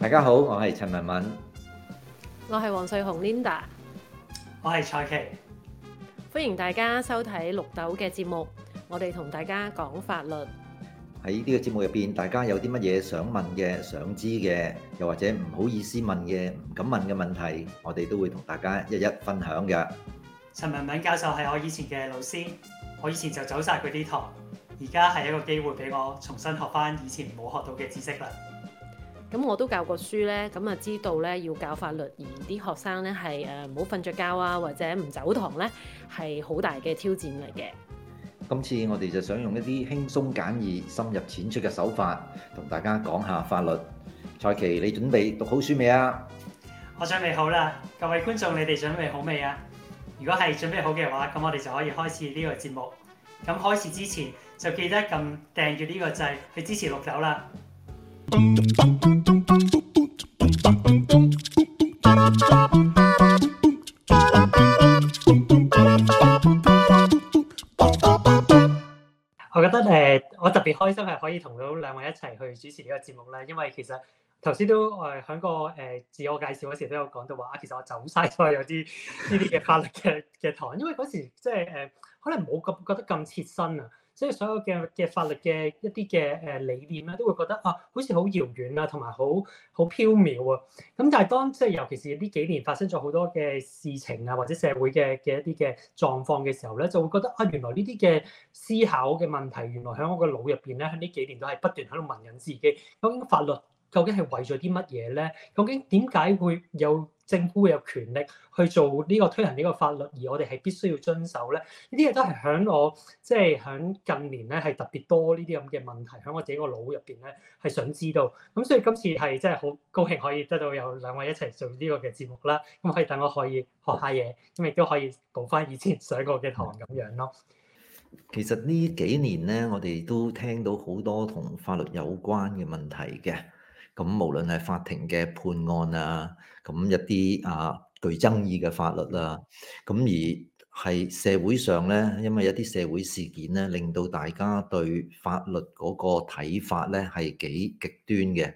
大家好，我係陳文敏，我係黃瑞紅 Linda，我係蔡騏，歡迎大家收睇綠豆嘅節目，我哋同大家講法律。喺呢個節目入邊，大家有啲乜嘢想問嘅、想知嘅，又或者唔好意思問嘅、唔敢問嘅問題，我哋都會同大家一一分享嘅。陳文敏教授係我以前嘅老師，我以前就走晒佢啲堂，而家係一個機會俾我重新學翻以前冇學到嘅知識啦。咁我都教過書咧，咁啊知道咧要教法律，而啲學生咧係誒唔好瞓着覺啊，或者唔走堂咧、啊，係好大嘅挑戰嚟嘅。今次我哋就想用一啲輕鬆簡易、深入淺出嘅手法，同大家講下法律。蔡騏，你準備讀好書未啊？我準備好啦，各位觀眾，你哋準備好未啊？如果係準備好嘅話，咁我哋就可以開始呢個節目。咁開始之前，就記得撳訂閱呢個掣去支持綠豆啦。我覺得誒，我特別開心係可以同到兩位一齊去主持呢個節目咧，因為其實頭先都誒響個誒自我介紹嗰時都有講到話啊，其實我走晒咗有啲呢啲嘅法律嘅嘅堂，因為嗰時即係誒可能冇咁覺得咁切身啊。即係所有嘅嘅法律嘅一啲嘅誒理念咧，都會覺得啊，好似好遙遠啊，同埋好好飄渺啊。咁但係當即係尤其是呢幾年發生咗好多嘅事情啊，或者社會嘅嘅一啲嘅狀況嘅時候咧，就會覺得啊，原來呢啲嘅思考嘅問題，原來喺我個腦入邊咧，喺呢幾年都係不斷喺度問緊自己，究竟法律究竟係為咗啲乜嘢咧？究竟點解會有？政府有權力去做呢個推行呢個法律，而我哋係必須要遵守咧。呢啲嘢都係響我即係響近年咧係特別多呢啲咁嘅問題，響我自己個腦入邊咧係想知道。咁所以今次係真係好高興可以得到有兩位一齊做呢個嘅節目啦。咁可以等我可以學下嘢，咁亦都可以補翻以前上過嘅堂咁樣咯。其實呢幾年咧，我哋都聽到好多同法律有關嘅問題嘅。咁無論係法庭嘅判案啊，咁一啲啊具爭議嘅法律啊，咁而係社會上咧，因為一啲社會事件咧，令到大家對法律嗰個睇法咧係幾極端嘅。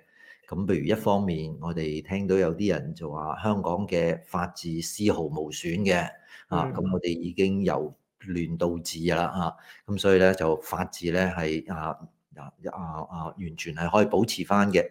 咁譬如一方面，我哋聽到有啲人就話香港嘅法治絲毫無損嘅，嗯啊，啊，咁我哋已經由亂到治啦，啊，咁所以咧就法治咧係啊。啊啊完全係可以保持翻嘅。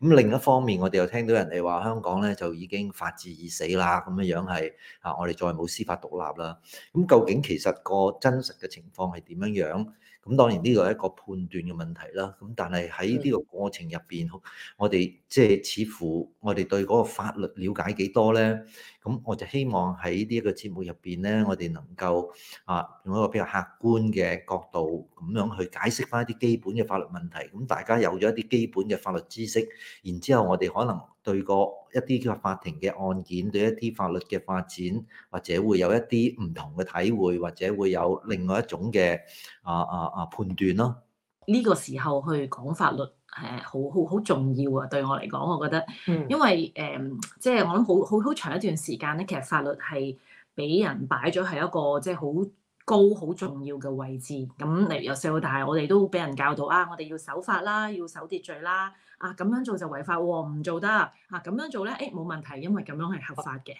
咁另一方面，我哋又聽到人哋話香港咧就已經法治已死啦，咁樣樣係啊，我哋再冇司法獨立啦。咁究竟其實個真實嘅情況係點樣樣？咁當然呢個係一個判斷嘅問題啦，咁但係喺呢個過程入邊，的我哋即係似乎我哋對嗰個法律了解幾多咧？咁我就希望喺呢一個節目入邊咧，我哋能夠啊用一個比較客觀嘅角度咁樣去解釋翻一啲基本嘅法律問題。咁大家有咗一啲基本嘅法律知識，然之後我哋可能，對個一啲嘅法庭嘅案件，對一啲法律嘅發展，或者會有一啲唔同嘅體會，或者會有另外一種嘅啊啊啊判斷咯。呢個時候去講法律，誒，好好好重要啊！對我嚟講，我覺得，嗯，因為誒，即係我諗好好好長一段時間咧，其實法律係俾人擺咗係一個即係好高、好重要嘅位置。咁例如由細到大，我哋都俾人教導啊，我哋要守法啦，要守秩序啦。啊咁樣做就違法喎，唔做得，哦。啊咁樣做咧，誒，哎，冇問題，因為咁樣係合法嘅。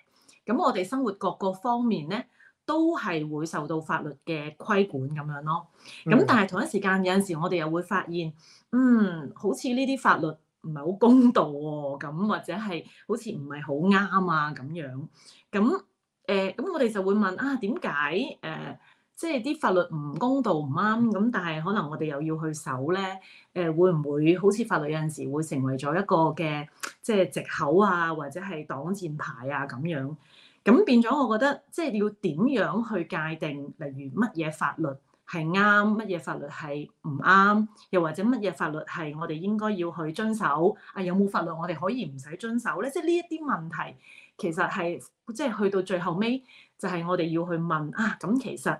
咁我哋生活各個方面咧，都係會受到法律嘅規管咁樣咯。咁但係同一時間，有陣時我哋又會發現，嗯，好似呢啲法律唔係好公道喎，啊，咁或者係好似唔係好啱啊咁樣。咁誒，咁，呃，我哋就會問啊，點解誒？呃即係啲法律唔公道唔啱，咁但係可能我哋又要去守咧，誒、呃、會唔會好似法律有陣時會成為咗一個嘅即係藉口啊，或者係擋箭牌啊咁樣？咁變咗，我覺得即係要點樣去界定，例如乜嘢法律係啱，乜嘢法律係唔啱，又或者乜嘢法律係我哋應該要去遵守，啊有冇法律我哋可以唔使遵守咧？即係呢一啲問題，其實係即係去到最後尾，就係、是、我哋要去問啊，咁、嗯、其實。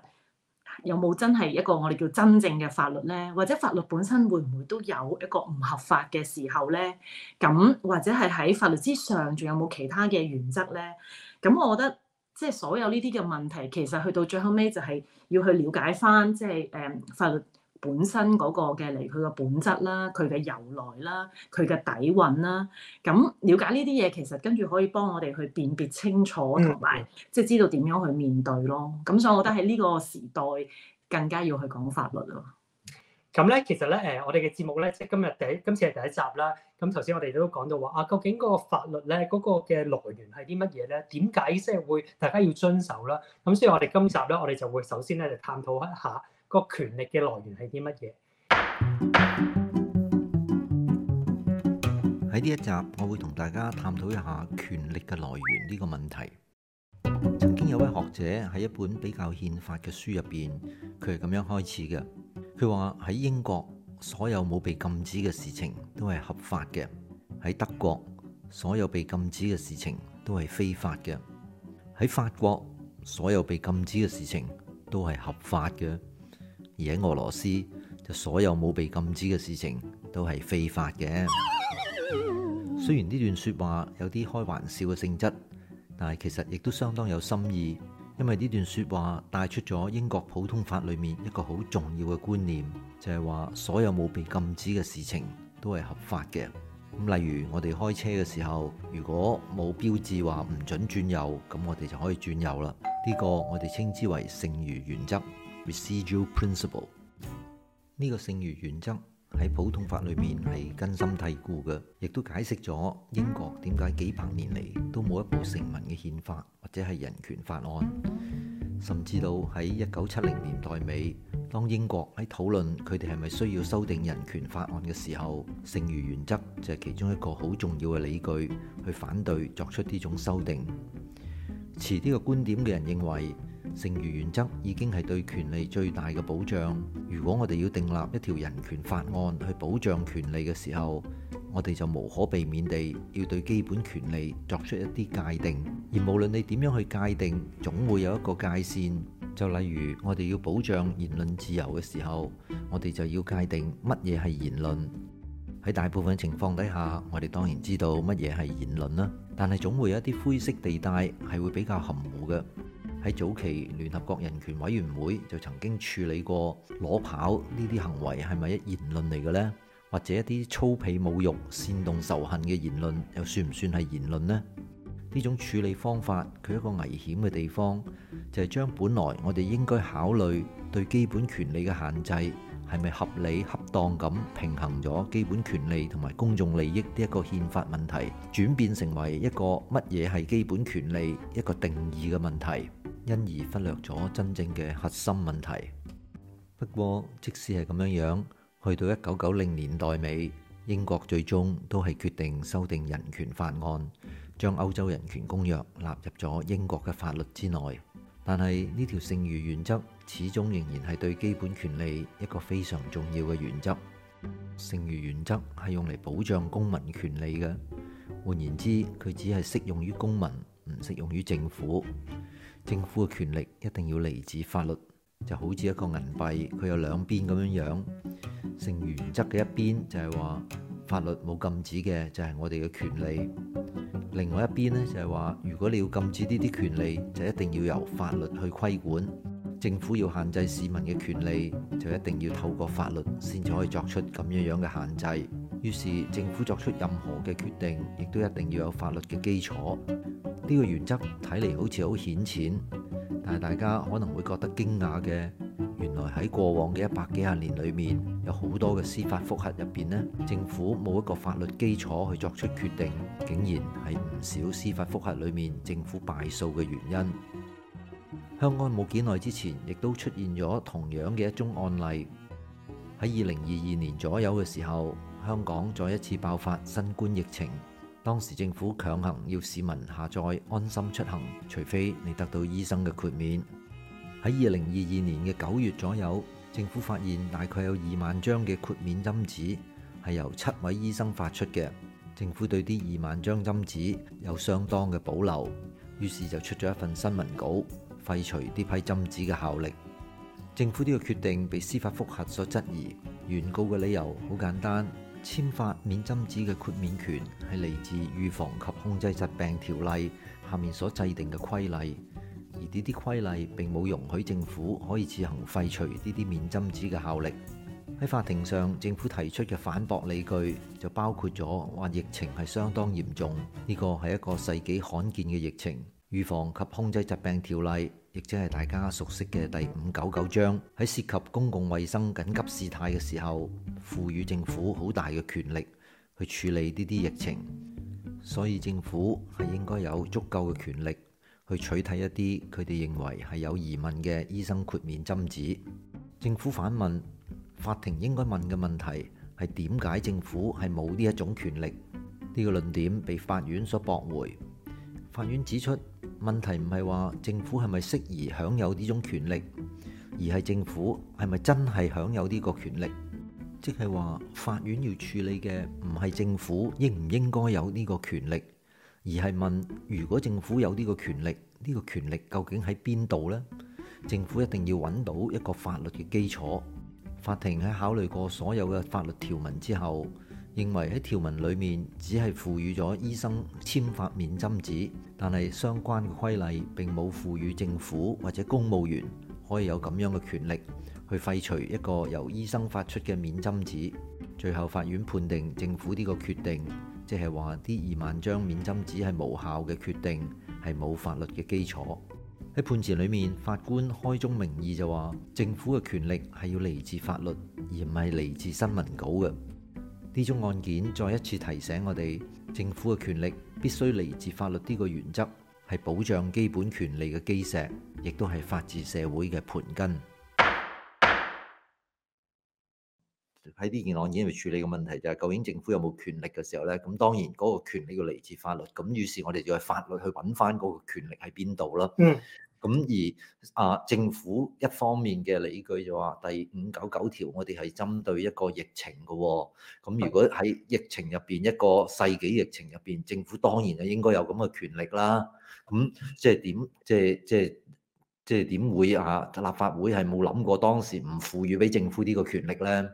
有冇真係一個我哋叫真正嘅法律咧？或者法律本身會唔會都有一個唔合法嘅時候咧？咁或者係喺法律之上，仲有冇其他嘅原則咧？咁我覺得即係所有呢啲嘅問題，其實去到最後尾就係要去了解返，即係誒法律。本身嗰個嘅嚟佢個本質啦，佢嘅由來啦，佢嘅底蘊啦，咁了解呢啲嘢，其實跟住可以幫我哋去辨別清楚，同埋即係知道點樣去面對咯。咁、嗯、所以，我覺得喺呢個時代更加要去講法律咯。咁咧、嗯，嗯、其實咧，誒，我哋嘅節目咧，即係今日第今次係第一集啦。咁頭先我哋都講到話啊，究竟嗰個法律咧嗰個嘅來源係啲乜嘢咧？點解即係會大家要遵守啦？咁所以我哋今集咧，我哋就會首先咧就探討一下。個權力嘅來源係啲乜嘢？喺呢一集，我會同大家探討一下權力嘅來源呢個問題。曾經有位學者喺一本比較憲法嘅書入邊，佢係咁樣開始嘅。佢話喺英國，所有冇被禁止嘅事情都係合法嘅；喺德國，所有被禁止嘅事情都係非法嘅；喺法國，所有被禁止嘅事情都係合法嘅。而喺俄羅斯，就所有冇被禁止嘅事情都係非法嘅。雖然呢段説話有啲開玩笑嘅性質，但係其實亦都相當有深意，因為呢段説話帶出咗英國普通法裏面一個好重要嘅觀念，就係話所有冇被禁止嘅事情都係合法嘅。咁例如我哋開車嘅時候，如果冇標誌話唔准轉右，咁我哋就可以轉右啦。呢個我哋稱之為剩餘原則。Residual principle 呢個剩餘原則喺普通法裏面係根深蒂固嘅，亦都解釋咗英國點解幾百年嚟都冇一部成文嘅憲法或者係人權法案，甚至到喺一九七零年代尾，當英國喺討論佢哋係咪需要修訂人權法案嘅時候，剩餘原則就係其中一個好重要嘅理據去反對作出呢種修訂。持呢個觀點嘅人認為，剩餘原則已經係對權利最大嘅保障。如果我哋要訂立一條人權法案去保障權利嘅時候，我哋就無可避免地要對基本權利作出一啲界定。而無論你點樣去界定，總會有一個界線。就例如我哋要保障言論自由嘅時候，我哋就要界定乜嘢係言論。喺大部分情況底下，我哋當然知道乜嘢係言論啦，但係總會有一啲灰色地帶係會比較含糊嘅。喺早期聯合國人權委員會就曾經處理過裸跑呢啲行為係咪一言論嚟嘅咧？或者一啲粗鄙侮辱、煽動仇恨嘅言論又算唔算係言論咧？呢種處理方法佢一個危險嘅地方就係將本來我哋應該考慮對基本權利嘅限制係咪合理恰當，咁平衡咗基本權利同埋公眾利益呢一個憲法問題轉變成為一個乜嘢係基本權利一個定義嘅問題。因而忽略咗真正嘅核心問題。不過，即使係咁樣樣，去到一九九零年代尾，英國最終都係決定修訂人權法案，將歐洲人權公約納入咗英國嘅法律之內。但係呢條剩餘原則始終仍然係對基本權利一個非常重要嘅原則。剩餘原則係用嚟保障公民權利嘅，換言之，佢只係適用於公民，唔適用於政府。政府嘅權力一定要嚟自法律，就好似一個銀幣，佢有兩邊咁樣樣，成原則嘅一邊就係話法律冇禁止嘅就係我哋嘅權利，另外一邊呢，就係話如果你要禁止呢啲權利，就一定要由法律去規管，政府要限制市民嘅權利，就一定要透過法律先至可以作出咁樣樣嘅限制。於是政府作出任何嘅決定，亦都一定要有法律嘅基礎。呢個原則睇嚟好似好顯淺，但係大家可能會覺得驚訝嘅，原來喺過往嘅一百幾十年裏面，有好多嘅司法覆核入邊咧，政府冇一個法律基礎去作出決定，竟然係唔少司法覆核裏面政府敗訴嘅原因。香港冇幾耐之前，亦都出現咗同樣嘅一宗案例，喺二零二二年左右嘅時候。香港再一次爆發新冠疫情，當時政府強行要市民下載安心出行，除非你得到醫生嘅豁免。喺二零二二年嘅九月左右，政府發現大概有二萬張嘅豁免針紙係由七位醫生發出嘅。政府對啲二萬張針紙有相當嘅保留，於是就出咗一份新聞稿，廢除呢批針紙嘅效力。政府呢個決定被司法覆核所質疑，原告嘅理由好簡單。簽發免針紙嘅豁免權係嚟自《預防及控制疾病條例》下面所制定嘅規例，而呢啲規例並冇容許政府可以自行廢除呢啲免針紙嘅效力。喺法庭上，政府提出嘅反駁理據就包括咗話疫情係相當嚴重，呢個係一個世紀罕見嘅疫情。預防及控制疾病條例，亦即係大家熟悉嘅第五九九章，喺涉及公共衛生緊急事態嘅時候，賦予政府好大嘅權力去處理呢啲疫情，所以政府係應該有足夠嘅權力去取締一啲佢哋認為係有疑問嘅醫生豁免針紙。政府反問法庭應該問嘅問題係點解政府係冇呢一種權力？呢個論點被法院所駁回。法院指出，問題唔係話政府係咪適宜享有呢種權力，而係政府係咪真係享有呢個權力？即係話法院要處理嘅唔係政府應唔應該有呢個權力，而係問如果政府有呢個權力，呢個權力究竟喺邊度呢？政府一定要揾到一個法律嘅基礎。法庭喺考慮過所有嘅法律條文之後，認為喺條文裏面只係賦予咗醫生簽發免針紙，但係相關規例並冇賦予政府或者公務員可以有咁樣嘅權力去廢除一個由醫生發出嘅免針紙。最後法院判定政府呢個決定，即係話啲二萬張免針紙係無效嘅決定，係冇法律嘅基礎。喺判詞裏面，法官開宗明義就話：政府嘅權力係要嚟自法律，而唔係嚟自新聞稿嘅。呢種案件再一次提醒我哋，政府嘅權力必須嚟自法律，呢個原則係保障基本權利嘅基石，亦都係法治社會嘅盤根。喺呢件案件嚟處理嘅問題就係，究竟政府有冇權力嘅時候呢？咁當然嗰個權力要嚟自法律，咁於是我哋就去法律去揾翻嗰個權力喺邊度啦。嗯。 咁而啊，政府一方面嘅理據就話第五九九條，我哋係針對一個疫情嘅喎、哦。咁如果喺疫情入邊一個世紀疫情入邊，政府當然就應該有咁嘅權力啦。咁即係點？即係即係即係點會啊？立法會係冇諗過當時唔賦予俾政府呢個權力咧？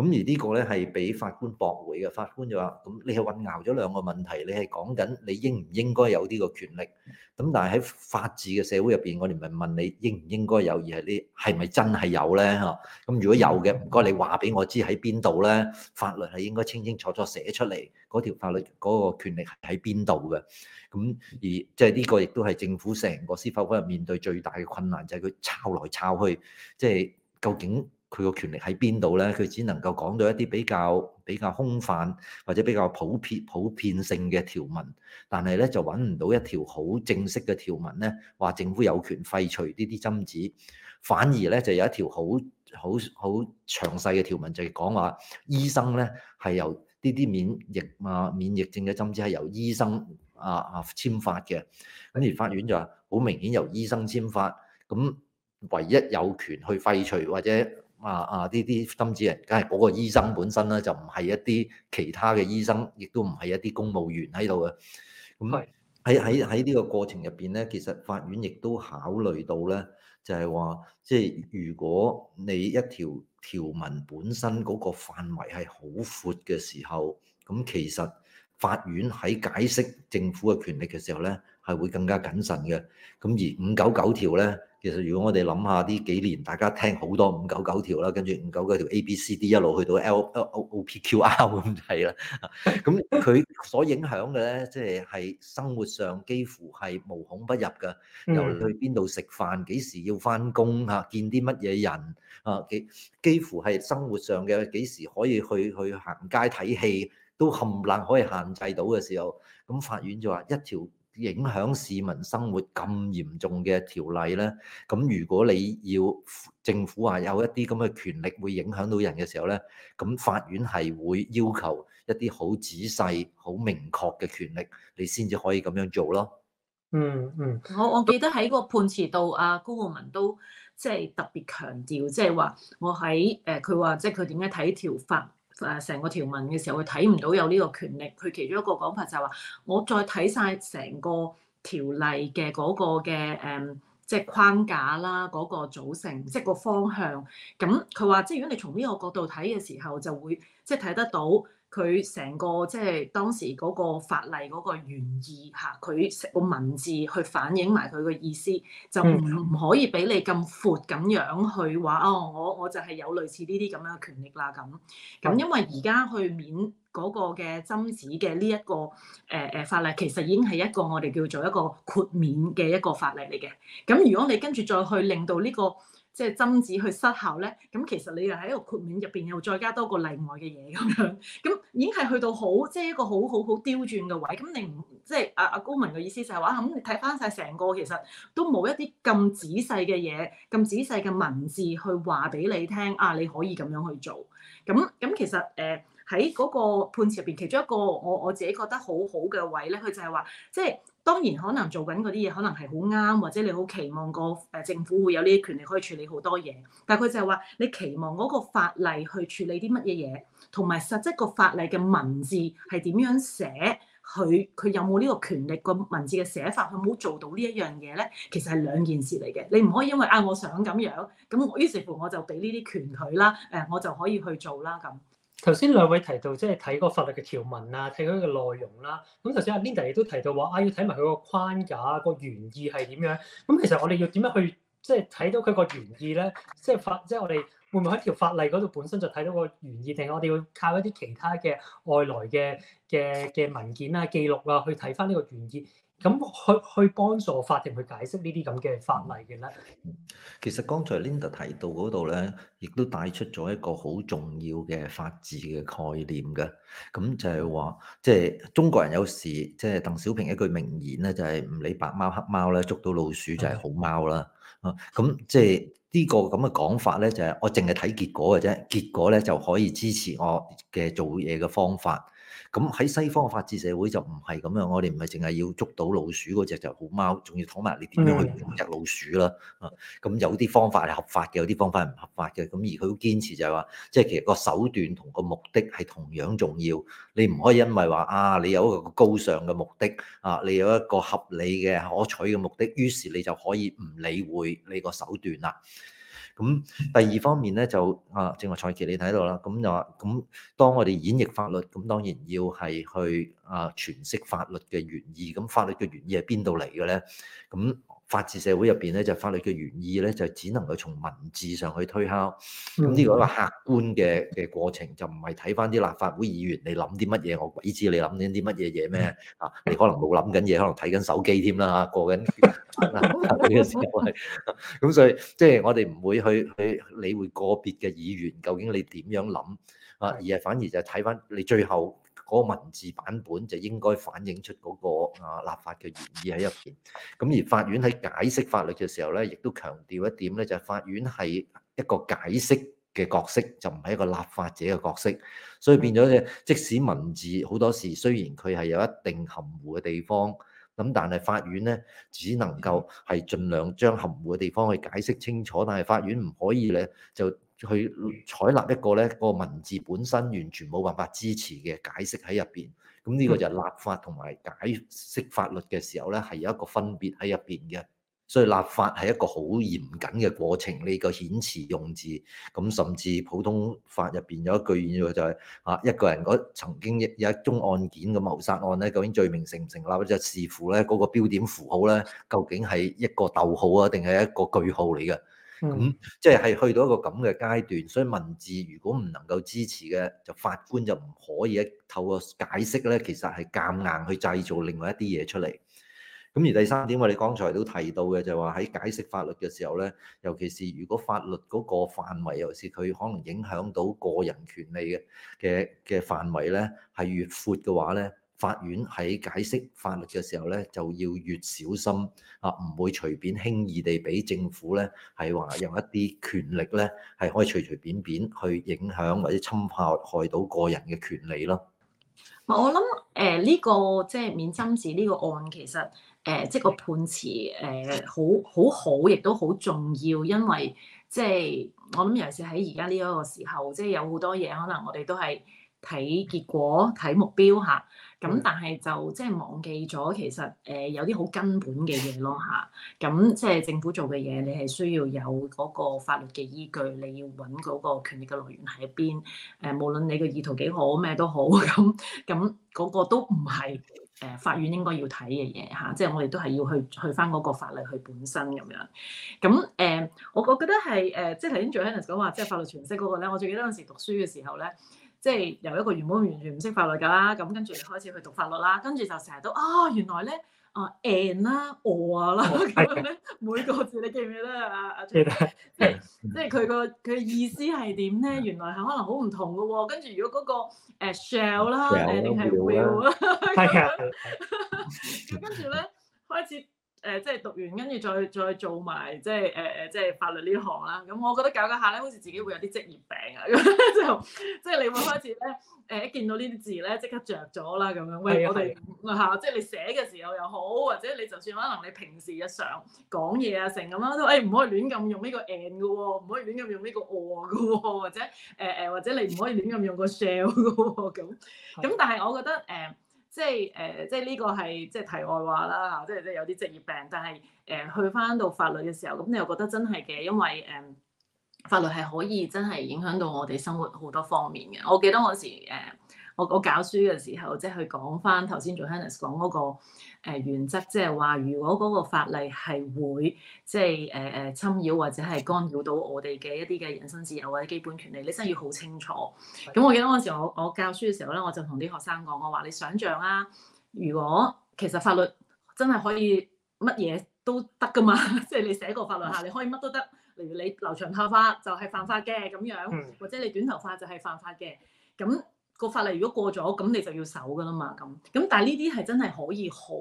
咁而呢個咧係俾法官駁回嘅，法官就話：咁你係混淆咗兩個問題，你係講緊你應唔應該有呢個權力？咁但係喺法治嘅社會入邊，我哋唔係問你應唔應該有，而是是是有，而係你係咪真係有咧？哦，咁如果有嘅，唔該你話俾我知喺邊度咧？法律係應該清清楚楚寫出嚟。嗰條法律嗰個權力係喺邊度嘅？咁而即係呢個亦都係政府成個司法覆核入面對最大嘅困難，就係佢抄來抄去，即係究竟。佢個權力喺邊度咧？佢只能夠講到一啲比較比較空泛，或者比較普遍普遍性嘅條文，但係咧就揾唔到一條好正式嘅條文咧，話政府有權廢除呢啲針紙，反而咧就有一條好好好詳細嘅條文，就係、是、講話醫生咧係由呢啲免疫啊免疫症嘅針紙係由醫生啊啊簽發嘅。咁而法院就話好明顯由醫生簽發，咁唯一有權去廢除或者啊啊！呢啲針紙人梗係嗰個醫生本身咧，就唔係一啲其他嘅醫生，亦都唔係一啲公務員喺度嘅。咁喺喺喺呢個過程入邊咧，其實法院亦都考慮到咧，就係話即係如果你一條條文本身嗰個範圍係好闊嘅時候，咁其實法院喺解釋政府嘅權力嘅時候咧，係會更加謹慎嘅。咁而五九九條咧。其實，如果我哋諗下呢幾年，大家聽好多五九九條啦，跟住五九九條 A、B、C、D 一路去到 L、O、P、Q、R 咁就係啦。咁佢所影響嘅咧，即係係生活上幾乎係無孔不入嘅。由去邊度食飯，幾時要返工啊？見啲乜嘢人啊？幾幾乎係生活上嘅幾時可以去去行街睇戲，都冚唪唥可以限制到嘅時候，咁法院就話一條影響市民生活咁嚴重嘅條例咧，咁如果你要政府話有一啲咁嘅權力會影響到人嘅時候咧，咁法院係會要求一啲好仔細、好明確嘅權力，你先至可以咁樣做咯。嗯嗯，嗯我我記得喺個判詞度，阿高浩文都即係、就是、特別強調，即係話我喺誒佢話即係佢點解睇條法。誒成個條文嘅時候，佢睇唔到有呢個權力。佢其中一個講法就係話，我再睇晒成個條例嘅嗰個嘅誒，即係框架啦，嗰個組成，即係個方向。咁佢話，即係如果你從呢個角度睇嘅時候，就會即係睇得到。佢成個即係當時嗰個法例嗰個原意嚇，佢成個文字去反映埋佢個意思，就唔可以俾你咁闊咁樣去話哦，我我就係有類似呢啲咁樣嘅權力啦咁。咁因為而家去免嗰個嘅針紙嘅呢一個誒誒、呃、法例，其實已經係一個我哋叫做一個豁免嘅一個法例嚟嘅。咁如果你跟住再去令到呢個，即係針子去失效咧，咁其實你又喺一個豁免入邊又再加多個例外嘅嘢咁樣，咁已經係去到好即係一個好好好刁鑽嘅位。咁你唔即係阿阿高文嘅意思就係、是、話，咁、嗯、你睇翻晒成個其實都冇一啲咁仔細嘅嘢，咁仔細嘅文字去話俾你聽，啊你可以咁樣去做。咁咁其實誒喺嗰個判詞入邊，其中一個我我自己覺得好好嘅位咧，佢就係話即係。當然可能做緊嗰啲嘢，可能係好啱，或者你好期望個誒政府會有呢啲權利可以處理好多嘢。但係佢就係話，你期望嗰個法例去處理啲乜嘢嘢，同埋實際個法例嘅文字係點樣寫，佢佢有冇呢個權力？個文字嘅寫法佢冇做到呢一樣嘢咧？其實係兩件事嚟嘅。你唔可以因為啊、哎，我想咁樣，咁於是乎我就俾呢啲權佢啦，誒，我就可以去做啦咁。頭先兩位提到，即係睇個法律嘅條文啊，睇佢嘅內容啦。咁頭先阿 Linda 亦都提到話啊，要睇埋佢個框架、個原意係點樣。咁其實我哋要點樣去即係睇到佢個原意咧？即係法，即係我哋會唔會喺條法例嗰度本身就睇到個原意，定係我哋要靠一啲其他嘅外來嘅嘅嘅文件啊、記錄啊，去睇翻呢個原意？咁去去幫助法庭去解釋呢啲咁嘅法例嘅咧，其實剛才 Linda 提到嗰度咧，亦都帶出咗一個好重要嘅法治嘅概念嘅。咁就係話，即係中國人有時，即係鄧小平一句名言咧，就係唔理白貓黑貓咧，捉到老鼠就係好貓啦。啊、嗯，咁即係呢個咁嘅講法咧，就係我淨係睇結果嘅啫，結果咧就可以支持我嘅做嘢嘅方法。咁喺西方嘅法治社會就唔係咁樣，我哋唔係淨係要捉到老鼠嗰隻就好貓，仲要講埋你點樣去捉老鼠啦。啊，咁有啲方法係合法嘅，有啲方法係唔合法嘅。咁而佢都堅持就係話，即係其實個手段同個目的係同樣重要。你唔可以因為話啊，你有一個高尚嘅目的啊，你有一個合理嘅可取嘅目的，於是你就可以唔理會你個手段啦。咁第二方面咧就啊，正話蔡騏你睇到啦，咁就話咁當我哋演繹法律，咁當然要係去啊詮釋法律嘅原意，咁法律嘅原意係邊度嚟嘅咧？咁法治社會入邊咧，就、法律嘅原意咧，就、只能夠從文字上去推敲。咁呢個一個客觀嘅嘅過程，就唔係睇翻啲立法會議員你諗啲乜嘢，我鬼知你諗緊啲乜嘢嘢咩？啊，你可能冇諗緊嘢，可能睇緊手機添啦嚇，過緊。咁 所以即係、就是、我哋唔會去去，理會個別嘅議員究竟你點樣諗啊，而係反而就睇翻你最後。嗰個文字版本就應該反映出嗰個啊立法嘅原意喺入邊。咁而法院喺解釋法律嘅時候咧，亦都強調一點咧，就係法院係一個解釋嘅角色，就唔係一個立法者嘅角色。所以變咗咧，即使文字好多時雖然佢係有一定含糊嘅地方，咁但係法院咧只能夠係盡量將含糊嘅地方去解釋清楚，但係法院唔可以咧就。去採納一個咧個文字本身完全冇辦法支持嘅解釋喺入邊，咁呢個就係立法同埋解釋法律嘅時候咧係有一個分別喺入邊嘅，所以立法係一個好嚴謹嘅過程。呢、這個遣詞用字，咁甚至普通法入邊有一句語就係、是、啊一個人嗰曾經有一宗案件嘅謀殺案咧，究竟罪名成唔成立，就視乎咧嗰個標點符號咧，究竟係一個逗號啊，定係一個句號嚟嘅。咁、嗯、即係去到一個咁嘅階段，所以文字如果唔能夠支持嘅，就法官就唔可以透過解釋咧，其實係夾硬硬去製造另外一啲嘢出嚟。咁而第三點我哋剛才都提到嘅，就係話喺解釋法律嘅時候咧，尤其是如果法律嗰個範圍，尤其是佢可能影響到個人權利嘅嘅嘅範圍咧，係越闊嘅話咧，法院喺解釋法律嘅時候咧，就要越小心啊，唔會隨便輕易地俾政府咧係話用一啲權力咧係可以隨隨便便去影響或者侵犯害到個人嘅權利咯。嗯、我諗誒呢個即係、就是、免爭治呢、這個案，其實誒、呃、即係個判詞誒、呃、好好好，亦都好重要，因為即係、就是、我諗尤其是喺而家呢一個時候，即、就、係、是、有好多嘢可能我哋都係睇結果、睇目標嚇。咁、嗯、但係就即係忘記咗其實誒有啲好根本嘅嘢咯吓，咁即係政府做嘅嘢，你係需要有嗰個法律嘅依據，你要揾嗰個權力嘅來源喺邊？誒無論你嘅意圖幾好咩都好，咁咁嗰個都唔係誒法院應該要睇嘅嘢吓，即、就、係、是、我哋都係要去去翻嗰個法律佢本身咁樣。咁誒，我我覺得係誒，即係頭先 Joanna 講話即係法律詮釋嗰個咧，我最記得嗰陣時讀書嘅時候咧。即係由一個原本完全唔識法律噶啦，咁跟住就開始去讀法律啦，跟住就成日都啊，原來咧啊 and 啦，or 啦咁樣咧，每個字你記唔記得啊？記 即係即係佢個佢意思係點咧？原來係可能好唔同噶喎。跟住如果嗰個誒 shall 啦，定係 will 啊，咁跟住咧開始。誒即係讀完，跟住再再做埋即係誒誒，即係法律呢行啦。咁我覺得搞搞下咧，好似自己會有啲職業病啊。咁 就即係你會開始咧，誒一見到呢啲字咧，即刻着咗啦咁樣。喂，我哋嚇，即係你寫嘅時候又好，或者你就算可能你平時日常講嘢啊成咁樣，都誒唔可以亂咁用呢、這個 and 嘅喎，唔可以亂咁用呢、這個 or 嘅喎，或者誒誒、呃，或者你唔可以亂咁用、那個 shell 嘅喎咁。咁、啊、但係我覺得誒。呃即係誒、呃，即係呢個係即係題外話啦嚇，即係即係有啲職業病。但係誒，去、呃、翻到法律嘅時候，咁你又覺得真係嘅，因為誒、呃、法律係可以真係影響到我哋生活好多方面嘅。我記得我時誒、呃，我我搞書嘅時候，即係去講翻頭先做 Hannah 講嗰個。誒原則即係話，就是、如果嗰個法例係會即係誒誒侵擾或者係干擾到我哋嘅一啲嘅人身自由或者基本權利，你真係要好清楚。咁的我記得嗰陣時候我，我我教書嘅時候咧，我就同啲學生講，我話你想像啊，如果其實法律真係可以乜嘢都得㗎嘛，即 係你寫個法律吓，你可以乜都得。例如你留長頭髮就係犯法嘅咁樣，或者你短頭髮就係犯法嘅咁，個法例如果過咗，咁你就要守噶啦嘛。咁咁，但係呢啲係真係可以好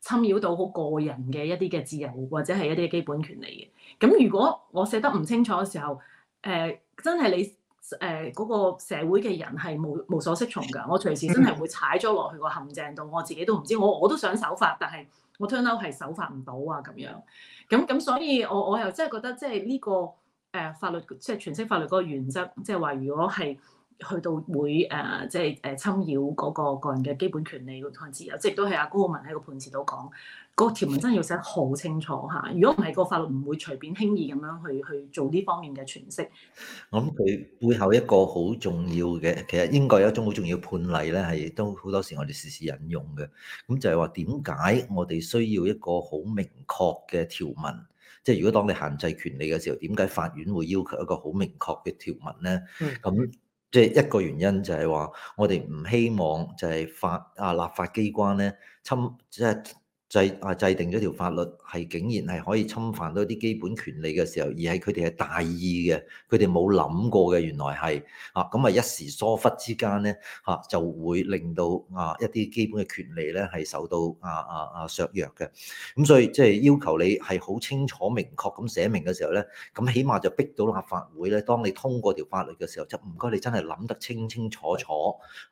侵擾到好個人嘅一啲嘅自由或者係一啲嘅基本權利嘅。咁如果我寫得唔清楚嘅時候，誒、呃、真係你誒嗰、呃那個社會嘅人係無無所適從㗎。我隨時真係會踩咗落去個陷阱度，我自己都唔知。我我都想守法，但係我 turn out 係守法唔到啊咁樣。咁咁，所以我我又真係覺得即係呢個誒、呃、法律即係詮釋法律嗰個原則，即係話如果係。去到會誒，即係誒侵擾嗰個個人嘅基本權利同自由，即係都係阿高浩文喺個判詞度講，個條文真係要寫好清楚嚇。如果唔係，個法律唔會隨便輕易咁樣去去做呢方面嘅詮釋。我諗佢背後一個好重要嘅，其實英國有一種好重要嘅判例咧，係都好多時我哋時時引用嘅。咁就係話點解我哋需要一個好明確嘅條文？即係如果當你限制權利嘅時候，點解法院會要求一個好明確嘅條文咧？咁。嗯。即係一個原因就係話我哋唔希望就係法啊立法機關咧侵即係，就是制啊，制定咗條法律係竟然係可以侵犯到一啲基本權利嘅時候，而係佢哋係大意嘅，佢哋冇諗過嘅，原來係啊，咁啊一時疏忽之間咧，嚇、啊、就會令到啊一啲基本嘅權利咧係受到啊啊啊削弱嘅。咁所以即係要求你係好清楚明確咁寫明嘅時候咧，咁起碼就逼到立法會咧，當你通過條法律嘅時候，就唔該你真係諗得清清楚楚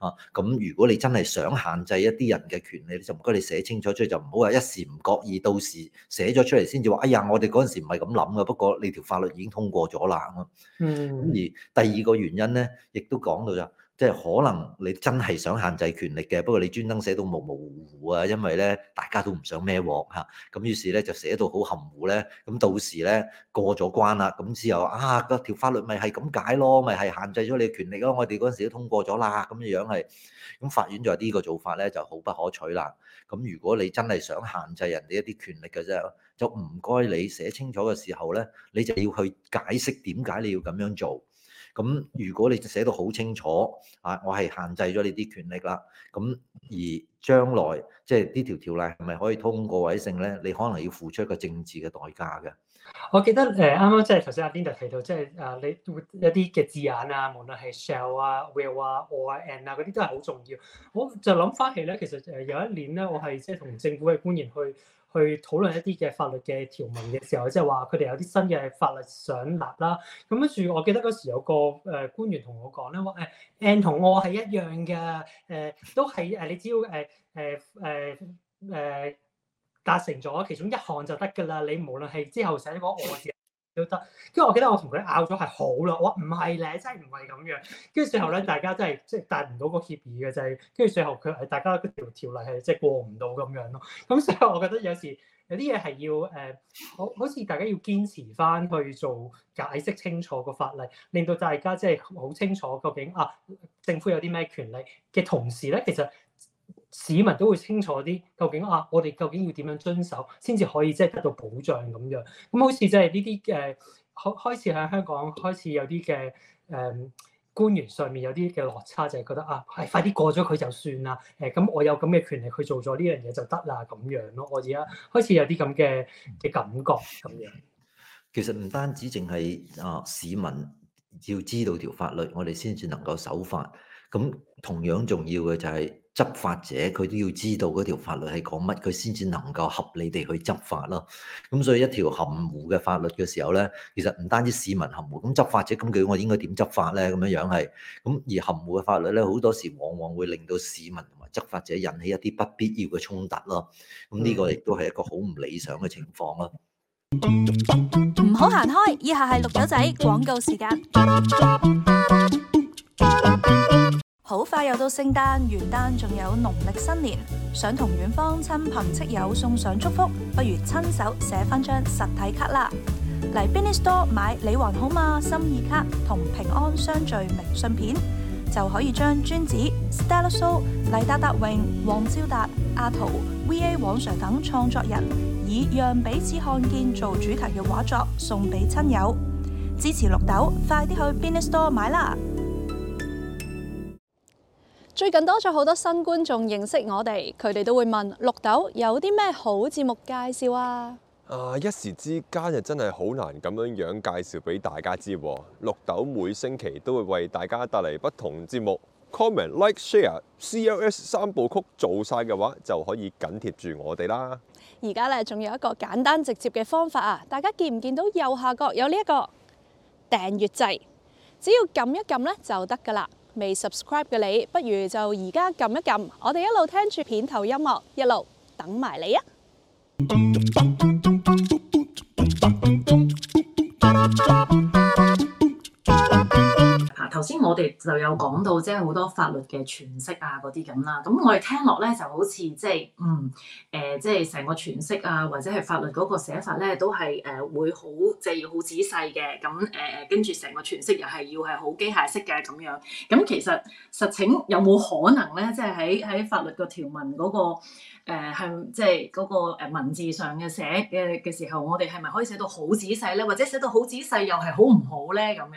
啊。咁如果你真係想限制一啲人嘅權利，就唔該你寫清楚，所以就唔好一時唔覺意，到時寫咗出嚟先至話，哎呀，我哋嗰陣時唔係咁諗㗎。不過呢條法律已經通過咗啦，咁、嗯、而第二個原因呢，亦都講到就係。即係可能你真係想限制權力嘅，不過你專登寫到模模糊糊啊，因為咧大家都唔想孭鑊，咁於是咧就寫到好含糊咧，咁到時咧過咗關啦，咁之後啊個條法律咪係咁解咯，咪係限制咗你嘅權力咯，我哋嗰陣時都通過咗啦，咁樣樣係，咁法院就話呢個做法咧就好不可取啦。咁如果你真係想限制人哋一啲權力嘅啫，就唔該你寫清楚嘅時候咧，你就要去解釋點解你要咁樣做。咁如果你寫到好清楚啊，我係限制咗你啲權力啦。咁而將來即係呢條條例係咪可以通過委勝咧？你可能要付出一個政治嘅代價嘅。我記得誒啱啱即係頭先阿 Dinda 提到，即係誒你會有一啲嘅字眼啊，無論係 shall 啊、will 啊、or 啊、and 啊嗰啲都係好重要。我就諗翻起咧，其實誒有一年咧，我係即係同政府嘅官員去。去討論一啲嘅法律嘅條文嘅時候，即係話佢哋有啲新嘅法律想立啦。咁跟住，我記得嗰時有個誒官員同我講咧，話誒 N 同我係一樣嘅，誒都係誒你只要誒誒誒誒達成咗其中一項就得㗎啦。你無論係之後寫咗我字。 都得，跟住我記得我同佢拗咗係好啦，我唔係咧，真係唔係咁樣。跟住最後咧，大家真係即係達唔到個協議嘅就係、是，跟住最後佢係大家嗰條條例係即係過唔到咁樣咯。咁所以我覺得有時有啲嘢係要誒、呃，好好似大家要堅持翻去做解釋清楚個法例，令到大家即係好清楚究竟啊政府有啲咩權力嘅同時咧，其實。市民都會清楚啲，究竟啊，我哋究竟要點樣遵守，先至可以即係得到保障咁樣。咁、嗯、好似即係呢啲誒，開始喺香港開始有啲嘅誒官員上面有啲嘅落差，就係、是、覺得啊，係、哎、快啲過咗佢就算啦。誒、呃，咁我有咁嘅權力去做咗呢樣嘢就得啦，咁樣咯。我而家開始有啲咁嘅嘅感覺咁樣。其實唔單止淨係啊，市民要知道條法律，我哋先至能夠守法。咁同樣重要嘅就係、是。執法者佢都要知道嗰條法律係講乜，佢先至能夠合理地去執法咯。咁所以一條含糊嘅法律嘅時候咧，其實唔單止市民含糊，咁執法者咁佢我應該點執法咧？咁樣樣係咁而含糊嘅法律咧，好多時往往會令到市民同埋執法者引起一啲不必要嘅衝突咯。咁呢個亦都係一個好唔理想嘅情況咯。唔好行開，以下係綠豆仔廣告時間。好快又到聖誕、元旦，仲有農曆新年，想同遠方親朋戚友送上祝福，不如親手寫翻張實體卡啦！嚟 Business Store 買《你還好嗎》心意卡同平安相聚明信片，就可以將尊子 Stella So、黎達達榮、黃照達、阿塗、V A、黃 Sir 等創作人以讓彼此看見做主題嘅畫作送俾親友，支持綠豆，快啲去 Business Store 買啦！最近多咗好多新觀眾認識我哋，佢哋都會問綠豆有啲咩好節目介紹啊？啊，一時之間就真係好難咁樣樣介紹俾大家知。綠豆每星期都會為大家帶嚟不同節目，comment like share C L S 三部曲做晒嘅話就可以緊貼住我哋啦。而家咧仲有一個簡單直接嘅方法啊！大家見唔見到右下角有呢一個訂閱制？只要撳一撳咧就得噶啦。未 subscribe 嘅你，不如就而家撳一撳。我哋一路聽住片頭音樂，一路等埋你啊！頭先我哋就有講到，即係好多法律嘅詮釋啊，嗰啲咁啦。咁我哋聽落咧，就好似即係嗯誒，即係成個詮釋啊，或者係法律嗰個寫法咧，都係誒會好，即係要好仔細嘅。咁誒，跟住成個詮釋又係要係好機械式嘅咁樣。咁其實實情有冇可能咧？即係喺喺法律嘅條文嗰個誒係即係嗰個誒文字上嘅寫嘅嘅時候，我哋係咪可以寫到好仔細咧？或者寫到好仔細又係好唔好咧？咁樣？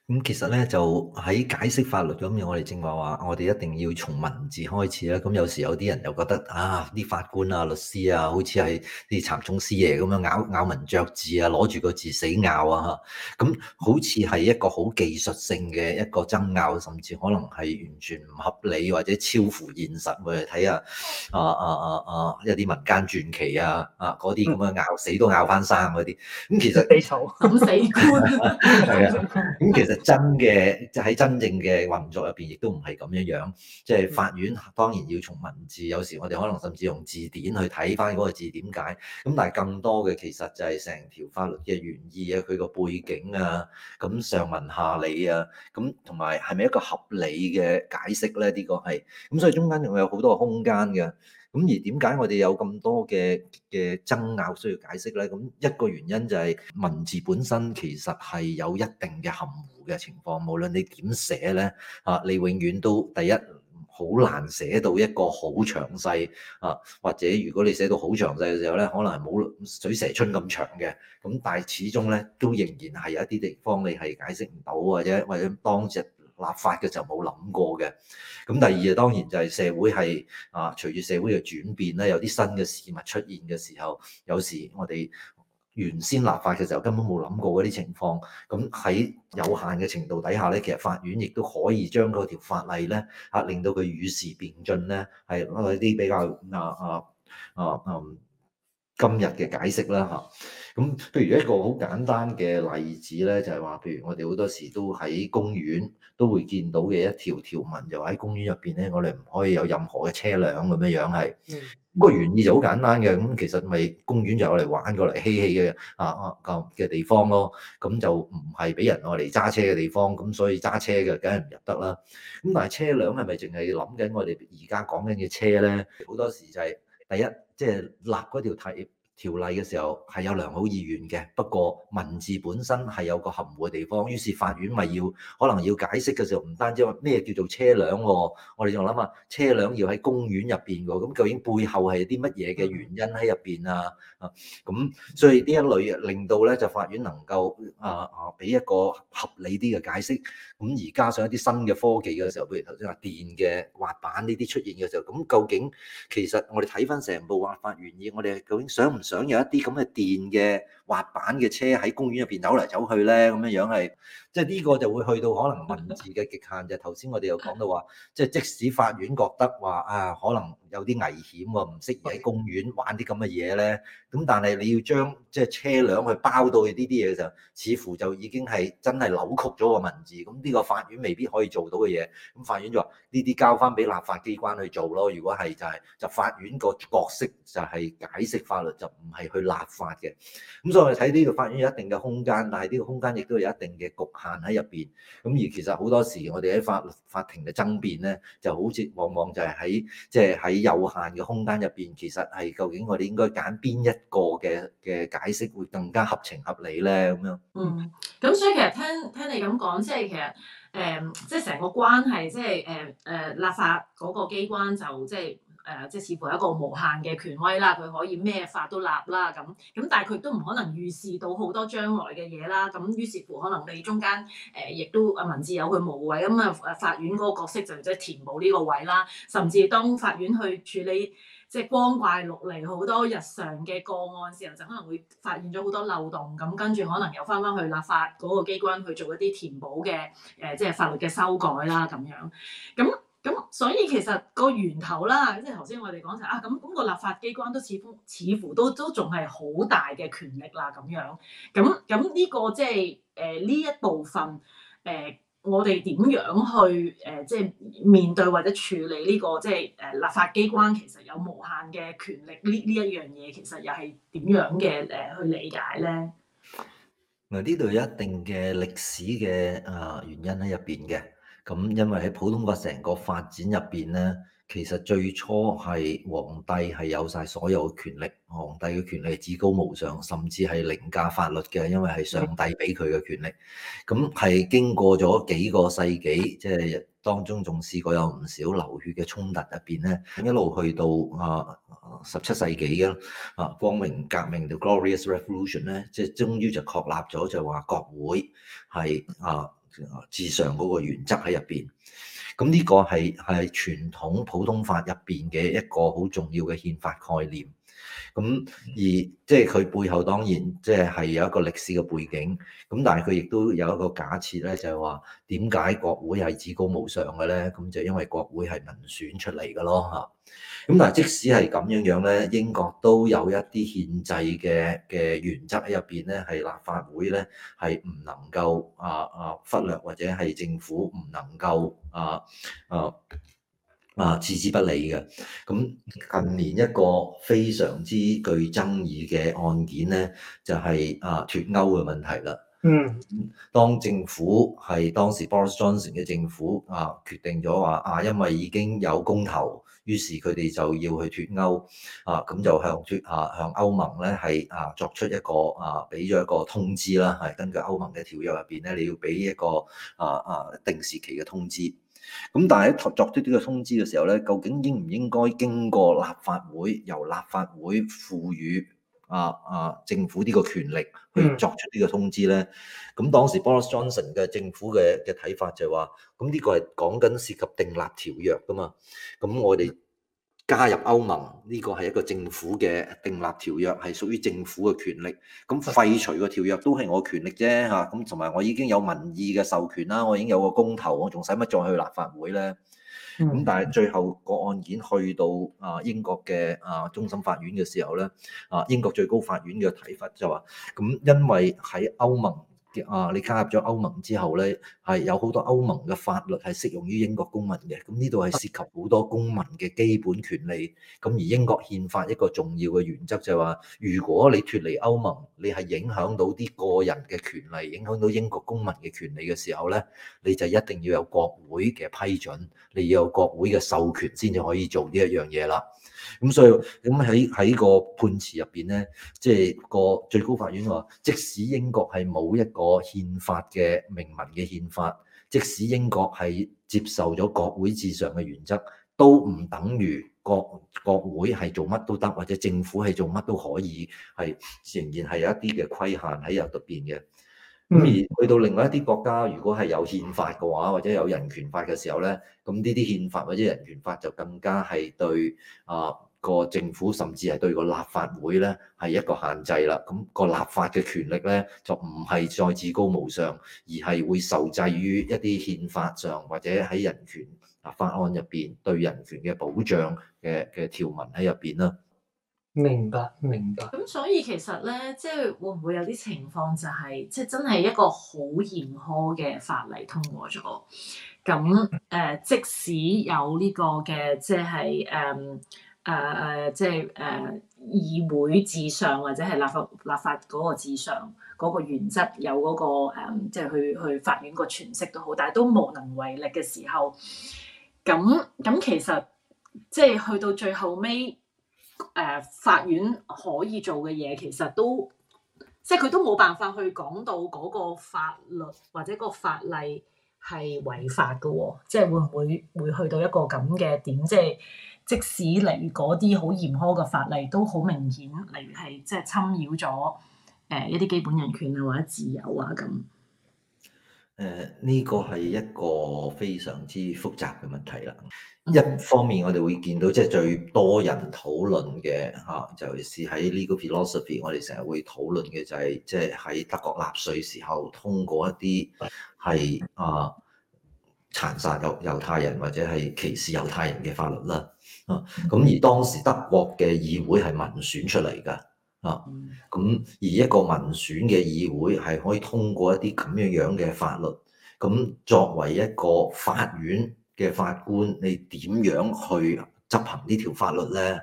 咁其實咧就喺解釋法律咁樣，我哋正話話，我哋一定要從文字開始啦。咁有時有啲人又覺得啊，啲法官啊、律師啊，好似係啲蠶蟲師爺咁樣咬咬文嚼字啊，攞住個字死咬啊。嚇，咁好似係一個好技術性嘅一個爭拗，甚至可能係完全唔合理或者超乎現實。我哋睇下啊啊啊啊，有啲民間傳奇啊啊，嗰啲咁啊咬死都咬翻生嗰啲。咁其實你嘈咁死㗋，係啊。咁其實。 真嘅，即喺真正嘅運作入邊，亦都唔係咁樣樣。即係法院當然要從文字，有時我哋可能甚至用字典去睇翻嗰個字點解。咁但係更多嘅其實就係成條法律嘅原意啊，佢個背景啊，咁上文下理啊，咁同埋係咪一個合理嘅解釋咧？呢個係咁，所以中間仲會有好多空間嘅。咁而點解我哋有咁多嘅嘅爭拗需要解釋咧？咁一個原因就係文字本身其實係有一定嘅含糊嘅情況，無論你點寫咧，啊，你永遠都第一好難寫到一個好詳細啊，或者如果你寫到好詳細嘅時候咧，可能係冇水蛇春咁長嘅，咁但係始終咧都仍然係有一啲地方你係解釋唔到或者或者當時，立法嘅時候冇諗過嘅，咁第二啊當然就係社會係啊隨住社會嘅轉變咧，有啲新嘅事物出現嘅時候，有時我哋原先立法嘅時候根本冇諗過嗰啲情況，咁喺有限嘅程度底下咧，其實法院亦都可以將嗰條法例咧嚇、啊、令到佢與時並進咧，係攞一啲比較啊啊啊嗯。今日嘅解釋啦嚇，咁譬如一個好簡單嘅例子咧，就係話，譬如我哋好多時都喺公園都會見到嘅一條條文，就喺公園入邊咧，我哋唔可以有任何嘅車輛咁嘅樣係。咁個、嗯、原意就好簡單嘅，咁其實咪公園就係嚟玩個嚟嬉戲嘅啊啊嘅、嗯、地方咯。咁就唔係俾人攞嚟揸車嘅地方，咁所以揸車嘅梗係唔入得啦。咁但係車輛係咪淨係諗緊我哋而家講緊嘅車咧？好多時就係、是。第一，即係立嗰條條例嘅時候係有良好意願嘅，不過文字本身係有個含糊嘅地方，於是法院咪要可能要解釋嘅時候，唔單止話咩叫做車輛喎，我哋仲諗啊，車輛要喺公園入邊喎，咁究竟背後係啲乜嘢嘅原因喺入邊啊？啊，咁所以呢一類令到咧就法院能夠啊啊俾一個合理啲嘅解釋。咁而加上一啲新嘅科技嘅時候，譬如頭先話電嘅滑板呢啲出現嘅時候，咁究竟其實我哋睇返成部畫法原意，我哋究竟想唔想有一啲咁嘅電嘅？滑板嘅車喺公園入邊走嚟走去咧，咁樣樣係，即係呢個就會去到可能文字嘅極限，就係頭先我哋又講到話，即係即使法院覺得話啊，可能有啲危險喎，唔適宜喺公園玩啲咁嘅嘢咧，咁但係你要將即係車輛去包到嘅呢啲嘢，就似乎就已經係真係扭曲咗個文字，咁呢個法院未必可以做到嘅嘢，咁法院就話呢啲交翻俾立法機關去做咯。如果係就係、是、就法院個角色就係解釋法律，就唔係去立法嘅，咁所我哋睇呢個法院有一定嘅空間，但係呢個空間亦都有一定嘅局限喺入邊。咁而其實好多時，我哋喺法法庭嘅爭辯咧，就好似往往就係喺即係喺有限嘅空間入邊，其實係究竟我哋應該揀邊一個嘅嘅解釋會更加合情合理咧？咁樣。嗯，咁所以其實聽聽你咁講，即係其實誒，即係成個關係，即係誒誒立法嗰個機關就即係。就係誒即係似乎一個無限嘅權威啦，佢可以咩法都立啦咁，咁但係佢都唔可能預示到好多將來嘅嘢啦。咁於是乎可能你中間誒亦都阿文字有佢無位咁啊，法院嗰個角色就即係填補呢個位啦。甚至當法院去處理即係光怪陸離好多日常嘅個案時候，就可能會發現咗好多漏洞，咁跟住可能又翻返去立法嗰個機關去做一啲填補嘅誒，即係法律嘅修改啦咁樣。咁咁所以其實個源頭啦，即係頭先我哋講就啊，咁咁個立法機關都似乎似乎都都仲係好大嘅權力啦，咁樣咁咁呢個即係誒呢一部分誒、呃，我哋點樣去誒即係面對或者處理呢、呢個即係誒立法機關其實有無限嘅權力呢呢一樣嘢，其實又係點樣嘅誒、呃、去理解咧？嗱，呢度有一定嘅歷史嘅誒、呃、原因喺入邊嘅。咁，因為喺普通法成個發展入邊咧，其實最初係皇帝係有晒所有嘅權力，皇帝嘅權力至高無上，甚至係凌駕法律嘅，因為係上帝俾佢嘅權力。咁係經過咗幾個世紀，即係當中仲試過有唔少流血嘅衝突入邊咧，一路去到啊十七世紀嘅啊，光榮革命就 Glorious Revolution 咧，即係終於就確立咗就話國會係啊至上嗰個原則喺入邊，咁呢個係係傳統普通法入邊嘅一個好重要嘅憲法概念。咁而即係佢背後當然即係係有一個歷史嘅背景，咁但係佢亦都有一個假設咧，就係話點解國會係至高無上嘅咧？咁就因為國會係民選出嚟嘅咯吓。咁但係即使係咁樣樣咧，英國都有一啲憲制嘅嘅原則喺入邊咧，係立法會咧係唔能夠啊啊忽略或者係政府唔能夠啊啊。啊啊，置之不理嘅。咁近年一個非常之具爭議嘅案件咧，就係啊脱歐嘅問題啦。嗯，當政府係當時 Boris Johnson 嘅政府啊，決定咗話啊，因為已經有公投，於是佢哋就要去脱歐。啊，咁就向脱啊向歐盟咧，係啊作出一個啊俾咗一個通知啦。係根據歐盟嘅條約入邊咧，你要俾一個啊啊定時期嘅通知。咁但係喺作出呢個通知嘅時候咧，究竟應唔應該經過立法會，由立法會賦予啊啊政府呢個權力去作出呢個通知咧？咁、嗯、當時 Boris Johnson 嘅政府嘅嘅睇法就係話，咁呢個係講緊涉及定立條約噶嘛，咁我哋、嗯。加入歐盟呢個係一個政府嘅訂立條約，係屬於政府嘅權力。咁廢除個條約都係我權力啫嚇。咁同埋我已經有民意嘅授權啦，我已經有個公投，我仲使乜再去立法會呢？咁但係最後個案件去到啊英國嘅啊終審法院嘅時候呢，啊英國最高法院嘅睇法就話，咁因為喺歐盟。啊！你加入咗歐盟之後咧，係有好多歐盟嘅法律係適用於英國公民嘅。咁呢度係涉及好多公民嘅基本權利。咁而英國憲法一個重要嘅原則就係話，如果你脫離歐盟，你係影響到啲個人嘅權利，影響到英國公民嘅權利嘅時候咧，你就一定要有國會嘅批准，你要有國會嘅授權先至可以做呢一樣嘢啦。咁所以，咁喺喺個判詞入邊咧，即係個最高法院話，即使英國係冇一個憲法嘅明文嘅憲法，即使英國係接受咗國會至上嘅原則，都唔等於國國會係做乜都得，或者政府係做乜都可以，係仍然係有一啲嘅規限喺入度邊嘅。咁、嗯、而去到另外一啲國家，如果係有憲法嘅話，或者有人權法嘅時候咧，咁呢啲憲法或者人權法就更加係對啊、呃、個政府，甚至係對個立法會咧，係一個限制啦。咁、個立法嘅權力咧，就唔係再至高無上，而係會受制於一啲憲法上或者喺人權立法案入邊對人權嘅保障嘅嘅條文喺入邊啦。明白，明白。咁所以其實咧，即係會唔會有啲情況，就係，就係即係真係一個好嚴苛嘅法例通過咗。咁誒、呃，即使有呢個嘅，即係誒誒誒，即係誒、呃呃、議會至上或者係立法立法嗰個至上嗰、嗰個原則有、嗰個，有嗰個誒，即係去去法院個詮釋都好，但係都無能為力嘅時候，咁咁其實即係去到最後尾。誒、呃、法院可以做嘅嘢，其實都即係佢都冇辦法去講到嗰個法律或者個法例係違法嘅、哦、即係會唔會會去到一個咁嘅點，即係即使嚟嗰啲好嚴苛嘅法例，都好明顯嚟，係即係侵擾咗誒、呃、一啲基本人權啊或者自由啊咁。誒，呢個係一個非常之複雜嘅問題啦。一方面，我哋會見到即係最多人討論嘅，吓，尤其是喺呢個 philosophy，我哋成日會討論嘅就係，即係喺德國納粹時候通過一啲係啊殘殺猶猶太人或者係歧視猶太人嘅法律啦。咁而當時德國嘅議會係民選出嚟㗎。啊，咁而一個民選嘅議會係可以通過一啲咁樣樣嘅法律，咁作為一個法院嘅法官，你點樣去執行呢條法律咧？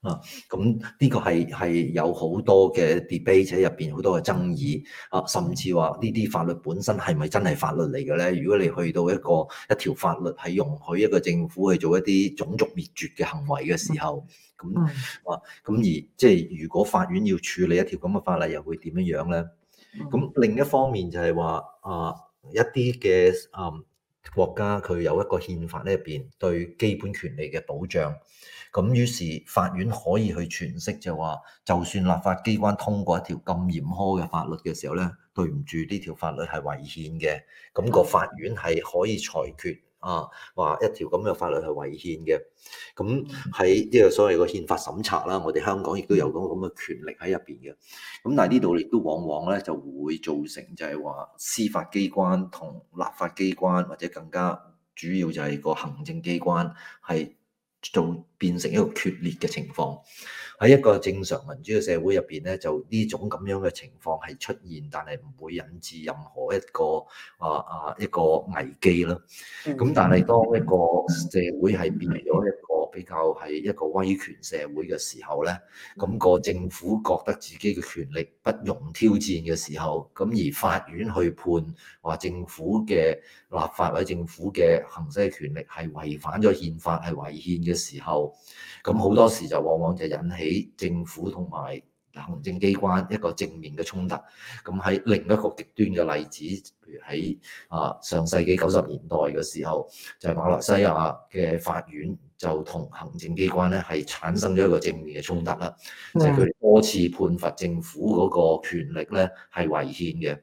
啊，咁呢個係係有好多嘅 debate，喺入邊好多嘅爭議啊，甚至話呢啲法律本身係咪真係法律嚟嘅咧？如果你去到一個一條法律係容許一個政府去做一啲種族滅絕嘅行為嘅時候，咁啊、mm，咁、hmm. 而即係如果法院要處理一條咁嘅法例，又會點樣樣咧？咁另一方面就係話啊，一啲嘅嗯，國家佢有一個憲法喺入邊對基本權利嘅保障。咁於是法院可以去詮釋，就話就算立法機關通過一條咁嚴苛嘅法律嘅時候咧，對唔住呢條法律係違憲嘅，咁個法院係可以裁決啊，話一條咁嘅法律係違憲嘅。咁喺呢個所謂嘅憲法審查啦，我哋香港亦都有咁嘅權力喺入邊嘅。咁但係呢度亦都往往咧就會造成就係話司法機關同立法機關或者更加主要就係個行政機關係，仲變成一個決裂嘅情況，喺一個正常民主嘅社會入邊咧，就呢種咁樣嘅情況係出現，但係唔會引致任何一個啊啊一個危機囉。咁但係當一個社會係變咗一比較係一個威權社會嘅時候呢，咁個政府覺得自己嘅權力不容挑戰嘅時候，咁而法院去判話政府嘅立法或者政府嘅行使嘅權力係違反咗憲法係違憲嘅時候，咁好多時就往往就引起政府同埋行政機關一個正面嘅衝突，咁喺另一個極端嘅例子，譬如喺啊上世紀九十年代嘅時候，就係馬來西亞嘅法院就同行政機關咧係產生咗一個正面嘅衝突啦，即係佢哋多次判罰政府嗰個權力咧係違憲嘅。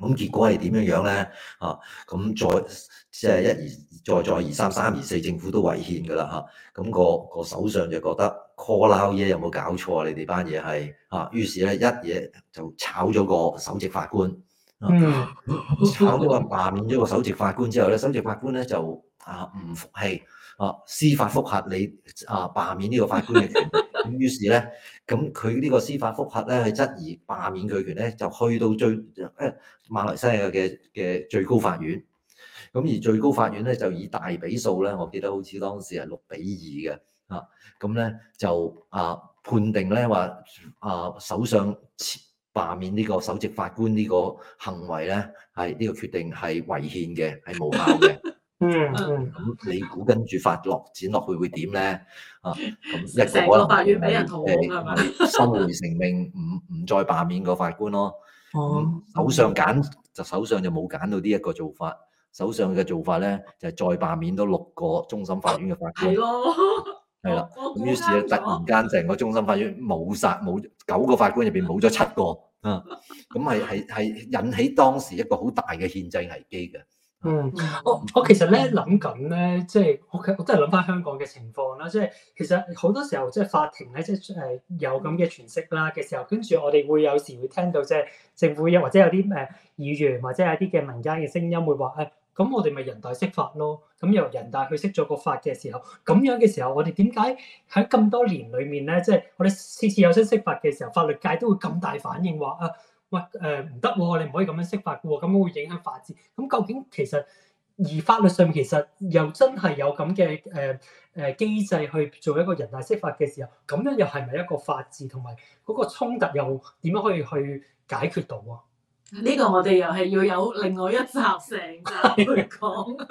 咁結果係點樣樣咧？啊，咁再即係一而再再而三三而四，4，政府都違憲噶啦嚇。咁、那個個首相就覺得，call out 嘢有冇搞錯？你哋班嘢係啊，於是咧一嘢就炒咗個首席法官，炒咗個罷免咗個首席法官之後咧，首席法官咧就啊唔服氣啊，司法覆核你啊罷免呢個法官嘅權。於是咧，咁佢呢個司法覆核咧，係質疑罷免佢權咧，就去到最誒馬來西亞嘅嘅最高法院。咁而最高法院咧，就以大比數咧，我記得好似當時係六比二嘅啊。咁咧就啊，判定咧話啊，首相罷免呢個首席法官呢個行為咧，係呢個決定係違憲嘅，係無效嘅。 嗯，咁你估跟住法落展落去會點咧？啊，成個法院俾人屠生還成命，唔唔再罷免個法官咯。首相揀就首相就冇揀到呢一個做法，手上嘅做法咧就係再罷免多六個中心法院嘅法官。係咯，係啦。咁於是咧，突然間成個中心法院冇殺冇九個法官入邊冇咗七個。嗯，咁係係係引起當時一個好大嘅憲制危機嘅。嗯，我我其實咧諗緊咧，即係我我都係諗翻香港嘅情況啦，即係其實好多時候即係法庭咧，即係誒、呃、有咁嘅詮釋啦嘅時候，跟住我哋會有時會聽到即係政府又或者有啲誒議員或者有啲嘅民間嘅聲音會話誒，咁、哎、我哋咪人大釋法咯，咁、嗯、由人大去釋咗個法嘅時候，咁樣嘅時候我哋點解喺咁多年裏面咧，即係我哋次次有新釋法嘅時候，法律界都會咁大反應話啊？喂，誒唔得喎，你唔可以咁樣釋法嘅喎，咁樣會影響法治。咁究竟其實而法律上其實又真係有咁嘅誒誒機制去做一個人大釋法嘅時候，咁樣又係咪一個法治同埋嗰個衝突又點樣可以去解決到啊？呢個我哋又係要有另外一集成嚟講。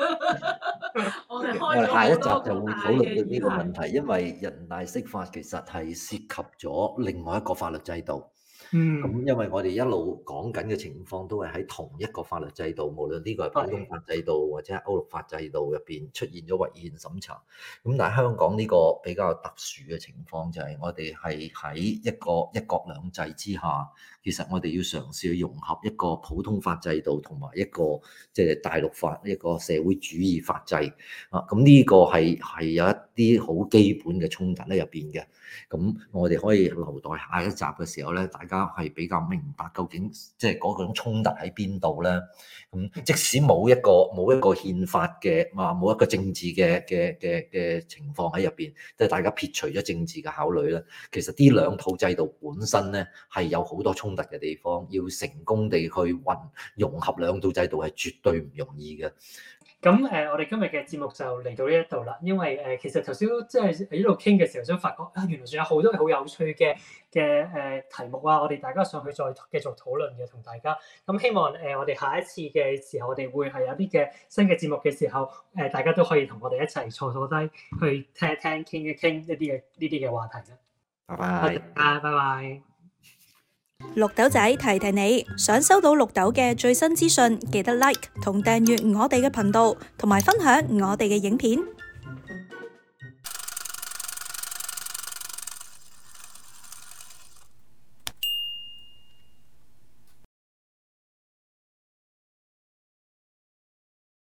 我哋開咗好多嘅大嘅議題，下一集就會討論呢個問題，因為人大釋法其實係涉及咗另外一個法律制度。嗯，咁因為我哋一路講緊嘅情況都係喺同一個法律制度，無論呢個係普通法制度或者歐陸法制度入邊出現咗違憲審查。咁但係香港呢個比較特殊嘅情況就係我哋係喺一個一國兩制之下，其實我哋要嘗試去融合一個普通法制度同埋一個即係大陸法一個社會主義法制啊。咁、嗯、呢、這個係係有一啲好基本嘅衝突喺入邊嘅。咁、嗯、我哋可以留待下一集嘅時候咧，大家。係比較明白究竟即係嗰種衝突喺邊度咧？咁、嗯、即使冇一個冇一個憲法嘅啊，冇一個政治嘅嘅嘅嘅情況喺入邊，即係大家撇除咗政治嘅考慮咧，其實呢兩套制度本身咧係有好多衝突嘅地方，要成功地去混融合兩套制度係絕對唔容易嘅。咁誒，我哋今日嘅節目就嚟到呢一度啦。因為誒，其實頭先即係喺度傾嘅時候，想發覺啊，原來仲有好多好有趣嘅嘅誒題目啊。我哋大家上去再繼續討論嘅同大家。咁希望誒，我哋下一次嘅時候，我哋會係有啲嘅新嘅節目嘅時候，誒大家都可以同我哋一齊坐坐低去聽一聽，傾一傾一啲嘅呢啲嘅話題啦。拜拜。大家拜拜。綠豆仔提提你，想收到綠豆嘅最新資訊，記得 like 同訂閱我哋嘅頻道，同埋分享我哋嘅影片。